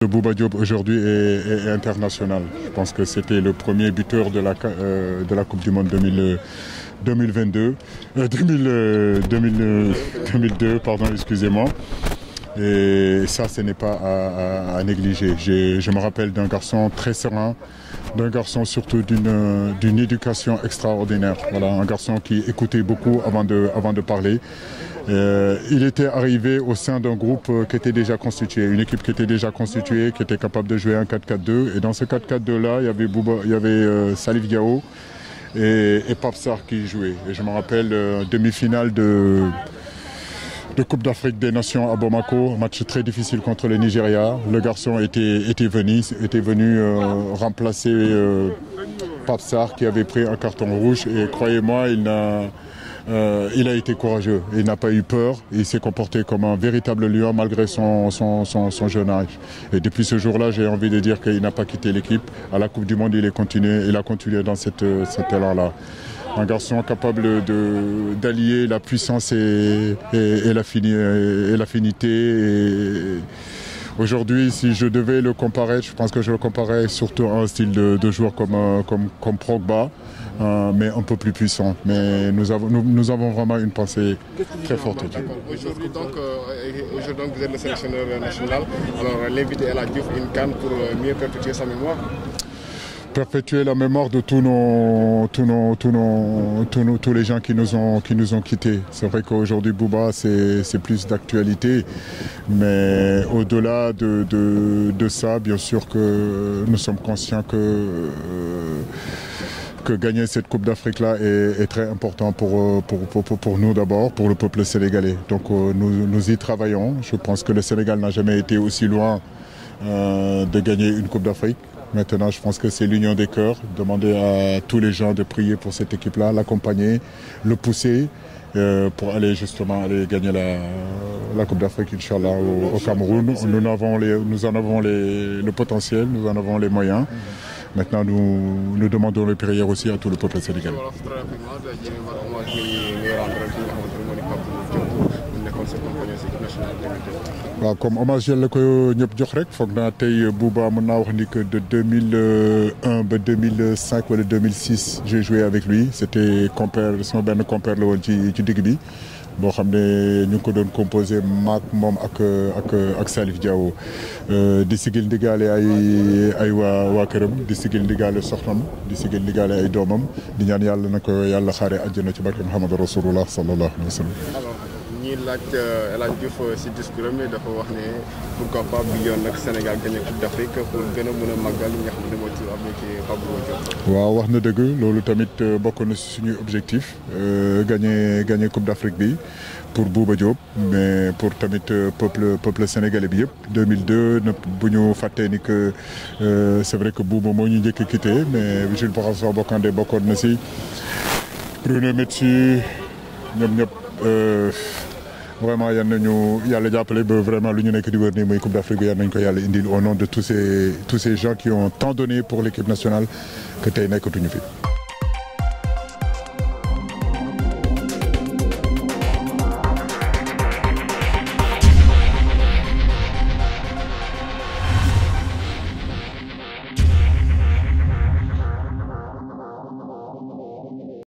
Le Bouba Diop aujourd'hui est, international. Je pense que c'était le premier buteur de la, euh, Coupe du Monde 2022, 2002, euh, euh, pardon, excusez-moi. Et ça, ce n'est pas à, négliger. Je me rappelle d'un garçon très serein, d'un garçon surtout d'une éducation extraordinaire. Voilà, un garçon qui écoutait beaucoup avant de parler. Euh, il était arrivé au sein d'un groupe euh, qui était déjà constitué, une équipe qui était déjà constituée, qui était capable de jouer un 4-4-2. Et dans ce 4-4-2-là, il y avait, Bouba, il euh, Salif Gao et, Papsar qui jouaient. Et je me rappelle, demi-finale de, Coupe d'Afrique des Nations à Bamako, match très difficile contre le Nigeria. Le garçon était, était venu, était venu remplacer Papsar qui avait pris un carton rouge. Et croyez-moi, il n'a il a été courageux, il n'a pas eu peur, il s'est comporté comme un véritable lion malgré son, jeune âge. Et depuis ce jour-là, j'ai envie de dire qu'il n'a pas quitté l'équipe. À la Coupe du Monde, il, est continué, il a continué dans cette, cet là Un garçon capable d'allier la puissance et l'affinité. Aujourd'hui, si je devais le comparer, je pense que je le comparais surtout à un style de, joueur comme, euh, comme, Progba, euh, mais un peu plus puissant. Mais nous avons, vraiment une pensée très forte. Euh, aujourd'hui, donc, vous êtes le sélectionneur national. Alors, l'invité est la Diouf, une canne pour mieux perpétuer sa mémoire perpétuer la mémoire de tous nos, tous nos, tous les gens qui nous ont, qui nous ont quittés. C'est vrai qu'aujourd'hui Bouba c'est plus d'actualité, mais au-delà de, ça, bien sûr que nous sommes conscients que euh, que gagner cette Coupe d'Afrique-là est, très important pour, pour, nous d'abord, pour le peuple sénégalais. Donc euh, nous, y travaillons. Je pense que le Sénégal n'a jamais été aussi loin euh, de gagner une Coupe d'Afrique. Maintenant, je pense que c'est l'union des cœurs. Demander à tous les gens de prier pour cette équipe-là, l'accompagner, le pousser euh, pour aller justement aller gagner la, Coupe d'Afrique, Inch'Allah, au, Cameroun. Nous, en avons le potentiel, nous en avons les moyens. Maintenant, nous, nous demandons les prières aussi à tout le peuple sénégalais waaw comme hommage la ko ñëpp jox rek foog naa tey Bouba mën wax que de 2001 ba 2005 wala 2006 j'ai joué avec lui c'était compère son ben compère le woon ci ci digg bi boo xam ñu ko doon composé maak moom ak ak ak Salif Diawo euh, di sigil ndigaale ay ay waa waa këram di sigil ndigaale soxnam di sigil ndigaale ay doomam di ñaan yàlla na ko yàlla xaaree ci Muhammad Rasulullah sallallahu alayhi wa sallam laaj euh, El Hadj Diouf euh, si discours am dafa wax ne pourquoi pas bi yoon Sénégal gagner Coupe d'Afrique pour gën a mën a màggal ñi nga xam ne ci am ci Fabio Diop. waaw wax dëgg tamit euh, bokk na si objectif gagner gagner Coupe d'Afrique bi pour Bouba Diop mais pour tamit peuple peuple sénégalais bi 2002 ne bu ñu ni que c'est vrai que Bouba moo ñu quitter a quitté mais Jules François Bocandé bokkoon na si Bruno Metsu ñoom ñëpp vraiment yal nañu yàlla jàppale ba vraiment l'Union ñu nekk di wër nii muy Coupe d'Afrique nañ ko yalla indil au nom de tous ces tous ces gens qui ont tant donné pour l'équipe nationale que tey nekkatuñu fi.